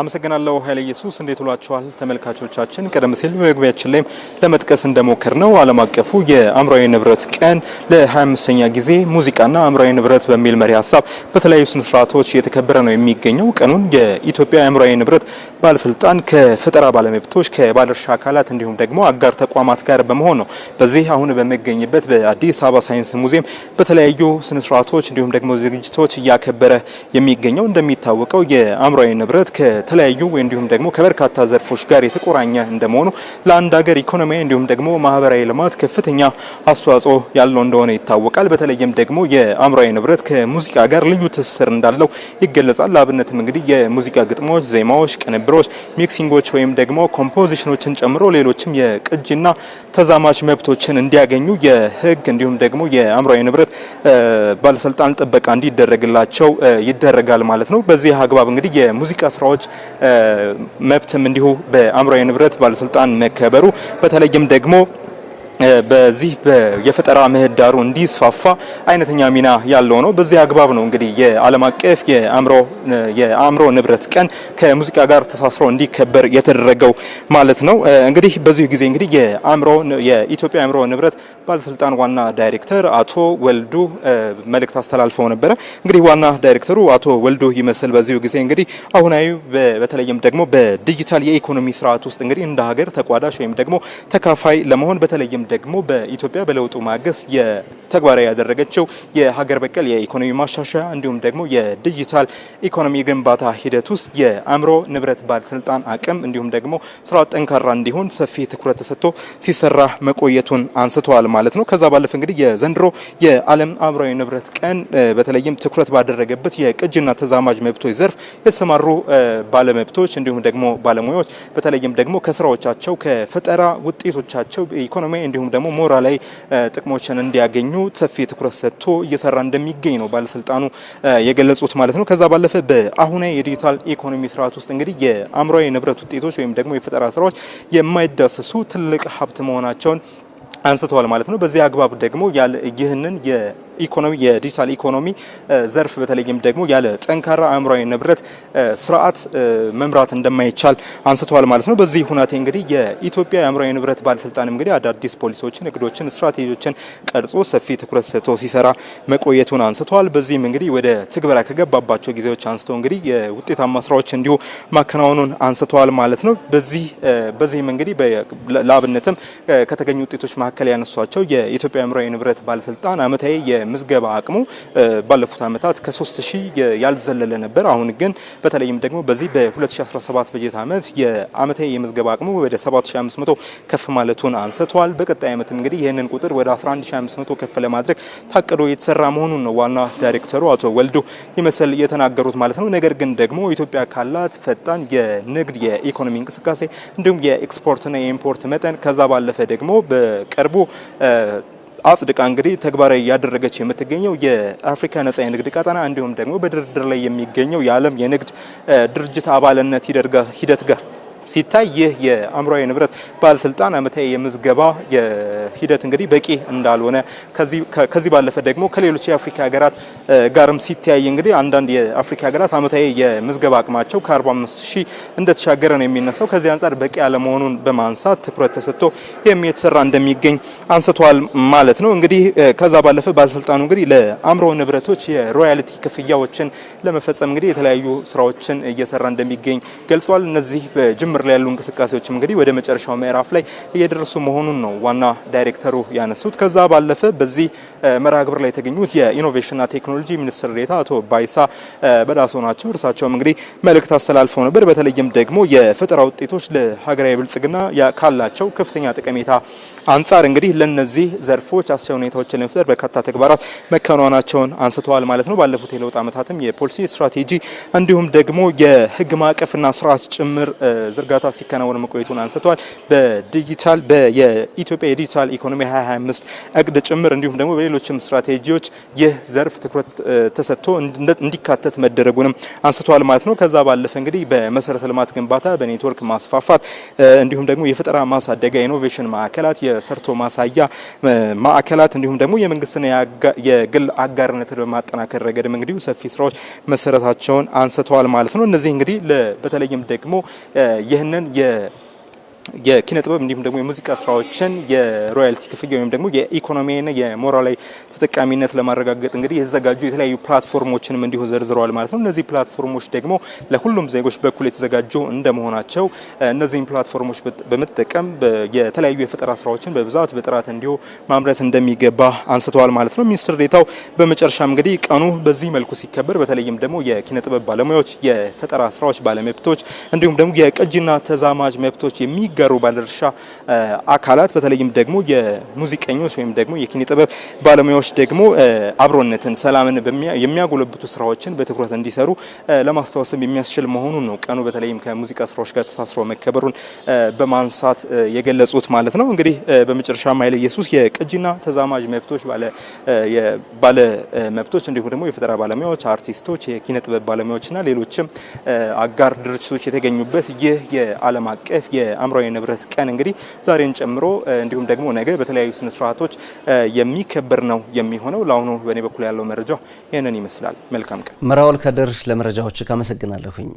አመሰግናለሁ ኃይለ ኢየሱስ። እንዴት ውላችኋል ተመልካቾቻችን? ቀደም ሲል በመግቢያችን ላይ ለመጥቀስ እንደሞከር ነው ዓለም አቀፉ የአእምሯዊ ንብረት ቀን ለ25ኛ ጊዜ ሙዚቃና አእምሯዊ ንብረት በሚል መሪ ሀሳብ በተለያዩ ስነስርዓቶች እየተከበረ ነው የሚገኘው። ቀኑን የኢትዮጵያ አምራዊ ንብረት ባለስልጣን ከፈጠራ ባለመብቶች ከባለድርሻ አካላት እንዲሁም ደግሞ አጋር ተቋማት ጋር በመሆን ነው በዚህ አሁን በሚገኝበት በአዲስ አበባ ሳይንስ ሙዚየም በተለያዩ ስነስርዓቶች እንዲሁም ደግሞ ዝግጅቶች እያከበረ የሚገኘው። እንደሚታወቀው የአእምሯዊ ንብረት ከተለያዩ እንዲሁም ደግሞ ከበርካታ ዘርፎች ጋር የተቆራኘ እንደመሆኑ ለአንድ ሀገር ኢኮኖሚ እንዲሁም ደግሞ ማህበራዊ ልማት ከፍተኛ አስተዋጽኦ ያለው እንደሆነ ይታወቃል። በተለይም ደግሞ የአእምሯዊ ንብረት ከሙዚቃ ጋር ልዩ ትስስር እንዳለው ይገለጻል። ለአብነትም እንግዲህ የሙዚቃ ግጥሞች፣ ዜማዎች፣ ቅንብሮች፣ ሚክሲንጎች ወይም ደግሞ ኮምፖዚሽኖችን ጨምሮ ሌሎችም የቅጂና ተዛማች መብቶችን እንዲያገኙ የህግ እንዲሁም ደግሞ የአእምሯዊ ንብረት ባለስልጣን ጥበቃ እንዲደረግላቸው ይደረጋል ማለት ነው። በዚህ አግባብ እንግዲህ የሙዚቃ ስራዎች መብትም እንዲሁ በአእምሯዊ ንብረት ባለስልጣን መከበሩ በተለይም ደግሞ በዚህ የፈጠራ ምህዳሩ እንዲስፋፋ አይነተኛ ሚና ያለው ነው። በዚህ አግባብ ነው እንግዲህ የዓለም አቀፍ የአእምሮ ንብረት ቀን ከሙዚቃ ጋር ተሳስሮ እንዲከበር የተደረገው ማለት ነው። እንግዲህ በዚሁ ጊዜ እንግዲህ የኢትዮጵያ አእምሮ ንብረት ባለስልጣን ዋና ዳይሬክተር አቶ ወልዱ መልእክት አስተላልፈው ነበረ። እንግዲህ ዋና ዳይሬክተሩ አቶ ወልዱ ይመስል በዚሁ ጊዜ እንግዲህ አሁናዊ በተለይም ደግሞ በዲጂታል የኢኮኖሚ ስርዓት ውስጥ እንግዲህ እንደ ሀገር ተቋዳሽ ወይም ደግሞ ተካፋይ ለመሆን በተለይም ደግሞ በኢትዮጵያ በለውጡ ማግስት ተግባራዊ ያደረገችው የሀገር በቀል የኢኮኖሚ ማሻሻያ እንዲሁም ደግሞ የዲጂታል ኢኮኖሚ ግንባታ ሂደት ውስጥ የአእምሮ ንብረት ባለስልጣን አቅም እንዲሁም ደግሞ ስራ ጠንካራ እንዲሆን ሰፊ ትኩረት ተሰጥቶ ሲሰራ መቆየቱን አንስተዋል ማለት ነው። ከዛ ባለፈ እንግዲህ የዘንድሮ የዓለም አእምሮዊ ንብረት ቀን በተለይም ትኩረት ባደረገበት የቅጂና ተዛማጅ መብቶች ዘርፍ የተሰማሩ ባለመብቶች እንዲሁም ደግሞ ባለሙያዎች በተለይም ደግሞ ከስራዎቻቸው ከፈጠራ ውጤቶቻቸው ኢኮኖሚያዊ እንዲሁም ደግሞ ሞራላዊ ጥቅሞችን እንዲያገኙ ሰፊ ትኩረት ሰጥቶ እየሰራ እንደሚገኝ ነው ባለስልጣኑ የገለጹት ማለት ነው። ከዛ ባለፈ በአሁናዊ የዲጂታል ኢኮኖሚ ስርዓት ውስጥ እንግዲህ የአእምሯዊ ንብረት ውጤቶች ወይም ደግሞ የፈጠራ ስራዎች የማይዳሰሱ ትልቅ ሀብት መሆናቸውን አንስተዋል ማለት ነው። በዚህ አግባብ ደግሞ ይህንን ኢኮኖሚ የዲጂታል ኢኮኖሚ ዘርፍ በተለይም ደግሞ ያለ ጠንካራ አእምሯዊ ንብረት ስርዓት መምራት እንደማይቻል አንስተዋል ማለት ነው። በዚህ ሁናቴ እንግዲህ የኢትዮጵያ የአእምሯዊ ንብረት ባለስልጣን እንግዲህ አዳዲስ ፖሊሲዎችን፣ እቅዶችን፣ ስትራቴጂዎችን ቀርጾ ሰፊ ትኩረት ሰጥቶ ሲሰራ መቆየቱን አንስተዋል። በዚህም እንግዲህ ወደ ትግበራ ከገባባቸው ጊዜዎች አንስተው እንግዲህ የውጤታማ ስራዎች እንዲሁ ማከናወኑን አንስተዋል ማለት ነው። በዚህ በዚህም እንግዲህ ለአብነትም ከተገኙ ውጤቶች መካከል ያነሷቸው የኢትዮጵያ አእምሯዊ ንብረት ባለስልጣን አመታዊ የምዝገባ አቅሙ ባለፉት ዓመታት ከ3000 ያልዘለለ ነበር። አሁን ግን በተለይም ደግሞ በዚህ በ2017 በጀት ዓመት የአመታዊ የምዝገባ አቅሙ ወደ 7500 ከፍ ማለቱን አንስተዋል። በቀጣይ ዓመት እንግዲህ ይህንን ቁጥር ወደ 11500 ከፍ ለማድረግ ታቅዶ የተሰራ መሆኑን ነው ዋና ዳይሬክተሩ አቶ ወልዶ ይመስል የተናገሩት ማለት ነው። ነገር ግን ደግሞ ኢትዮጵያ ካላት ፈጣን የንግድ የኢኮኖሚ እንቅስቃሴ እንዲሁም የኤክስፖርትና የኢምፖርት መጠን ከዛ ባለፈ ደግሞ በቅርቡ አጽድቃ እንግዲህ ተግባራዊ ያደረገች የምትገኘው የአፍሪካ ነጻ የንግድ ቀጠና እንዲሁም ደግሞ በድርድር ላይ የሚገኘው የዓለም የንግድ ድርጅት አባልነት ሂደት ጋር ሲታይ ይህ የአእምሯዊ ንብረት ባለስልጣን ዓመታዊ የምዝገባ ሂደት እንግዲህ በቂ እንዳልሆነ ከዚህ ባለፈ ደግሞ ከሌሎች የአፍሪካ ሀገራት ጋርም ሲተያይ እንግዲህ አንዳንድ የአፍሪካ ሀገራት ዓመታዊ የምዝገባ አቅማቸው ከ45 ሺህ እንደተሻገረ ነው የሚነሳው። ከዚህ አንጻር በቂ አለመሆኑን በማንሳት ትኩረት ተሰጥቶ ይህም የተሰራ እንደሚገኝ አንስተዋል ማለት ነው። እንግዲህ ከዛ ባለፈ ባለስልጣኑ እንግዲህ ለአእምሮ ንብረቶች የሮያልቲ ክፍያዎችን ለመፈጸም እንግዲህ የተለያዩ ስራዎችን እየሰራ እንደሚገኝ ገልጿል። እነዚህ በጅምር መስመር ላይ ያሉ እንቅስቃሴዎችም እንግዲህ ወደ መጨረሻው ምዕራፍ ላይ እየደረሱ መሆኑን ነው ዋና ዳይሬክተሩ ያነሱት። ከዛ ባለፈ በዚህ መርሃ ግብር ላይ የተገኙት የኢኖቬሽንና ቴክኖሎጂ ሚኒስትር ዴኤታ አቶ ባይሳ በዳሶ ናቸው። እርሳቸውም እንግዲህ መልእክት አስተላልፈው ነበር። በተለይም ደግሞ የፈጠራ ውጤቶች ለሀገራዊ ብልጽግና ካላቸው ከፍተኛ ጠቀሜታ አንጻር እንግዲህ ለነዚህ ዘርፎች አስቻይ ሁኔታዎችን ለመፍጠር በርካታ ተግባራት መከናወናቸውን አንስተዋል ማለት ነው። ባለፉት የለውጥ ዓመታትም የፖሊሲ ስትራቴጂ እንዲሁም ደግሞ የህግ ማዕቀፍና ስርዓት ጭምር ዝርጋታ ሲከናወን መቆየቱን አንስተዋል። በዲጂታል የኢትዮጵያ የዲጂታል ኢኮኖሚ 2025 እቅድ ጭምር እንዲሁም ደግሞ በሌሎችም ስትራቴጂዎች ይህ ዘርፍ ትኩረት ተሰጥቶ እንዲካተት መደረጉንም አንስተዋል ማለት ነው። ከዛ ባለፈ እንግዲህ በመሰረተ ልማት ግንባታ፣ በኔትወርክ ማስፋፋት እንዲሁም ደግሞ የፈጠራ ማሳደጋ ኢኖቬሽን ማዕከላት፣ የሰርቶ ማሳያ ማዕከላት እንዲሁም ደግሞ የመንግስትና የግል አጋርነትን በማጠናከር ረገድም እንግዲሁ ሰፊ ስራዎች መሰረታቸውን አንስተዋል ማለት ነው። እነዚህ እንግዲህ በተለይም ደግሞ ይህንን የኪነ ጥበብ እንዲሁም ደግሞ የሙዚቃ ስራዎችን የሮያልቲ ክፍያ ወይም ደግሞ የኢኮኖሚና የሞራላዊ ተጠቃሚነት ለማረጋገጥ እንግዲህ የተዘጋጁ የተለያዩ ፕላትፎርሞችንም እንዲሁ ዘርዝረዋል ማለት ነው። እነዚህ ፕላትፎርሞች ደግሞ ለሁሉም ዜጎች በኩል የተዘጋጁ እንደመሆናቸው እነዚህን ፕላትፎርሞች በመጠቀም የተለያዩ የፈጠራ ስራዎችን በብዛት በጥራት እንዲሁ ማምረት እንደሚገባ አንስተዋል ማለት ነው። ሚኒስትር ዴታው በመጨረሻም እንግዲህ ቀኑ በዚህ መልኩ ሲከበር በተለይም ደግሞ የኪነ ጥበብ ባለሙያዎች፣ የፈጠራ ስራዎች ባለመብቶች እንዲሁም ደግሞ የቅጂና ተዛማጅ መብቶች የሚ የሚጋሩ ባለድርሻ አካላት በተለይም ደግሞ የሙዚቀኞች ወይም ደግሞ የኪነ ጥበብ ባለሙያዎች ደግሞ አብሮነትን፣ ሰላምን የሚያጎለብቱ ስራዎችን በትኩረት እንዲሰሩ ለማስታወስም የሚያስችል መሆኑን ነው ቀኑ በተለይም ከሙዚቃ ስራዎች ጋር ተሳስሮ መከበሩን በማንሳት የገለጹት ማለት ነው። እንግዲህ በመጨረሻ ማይል ኢየሱስ የቅጂና ተዛማጅ መብቶች ባለ መብቶች እንዲሁም ደግሞ የፈጠራ ባለሙያዎች፣ አርቲስቶች፣ የኪነ ጥበብ ባለሙያዎችና ሌሎችም አጋር ድርጅቶች የተገኙበት ይህ የዓለም አቀፍ የአእምሯዊ ብሔራዊ ንብረት ቀን እንግዲህ ዛሬን ጨምሮ እንዲሁም ደግሞ ነገ በተለያዩ ስነስርዓቶች የሚከበር ነው የሚሆነው። ለአሁኑ በእኔ በኩል ያለው መረጃ ይህንን ይመስላል። መልካም ቀን። መራወል ከድር ለመረጃዎች አመሰግናለሁኝ።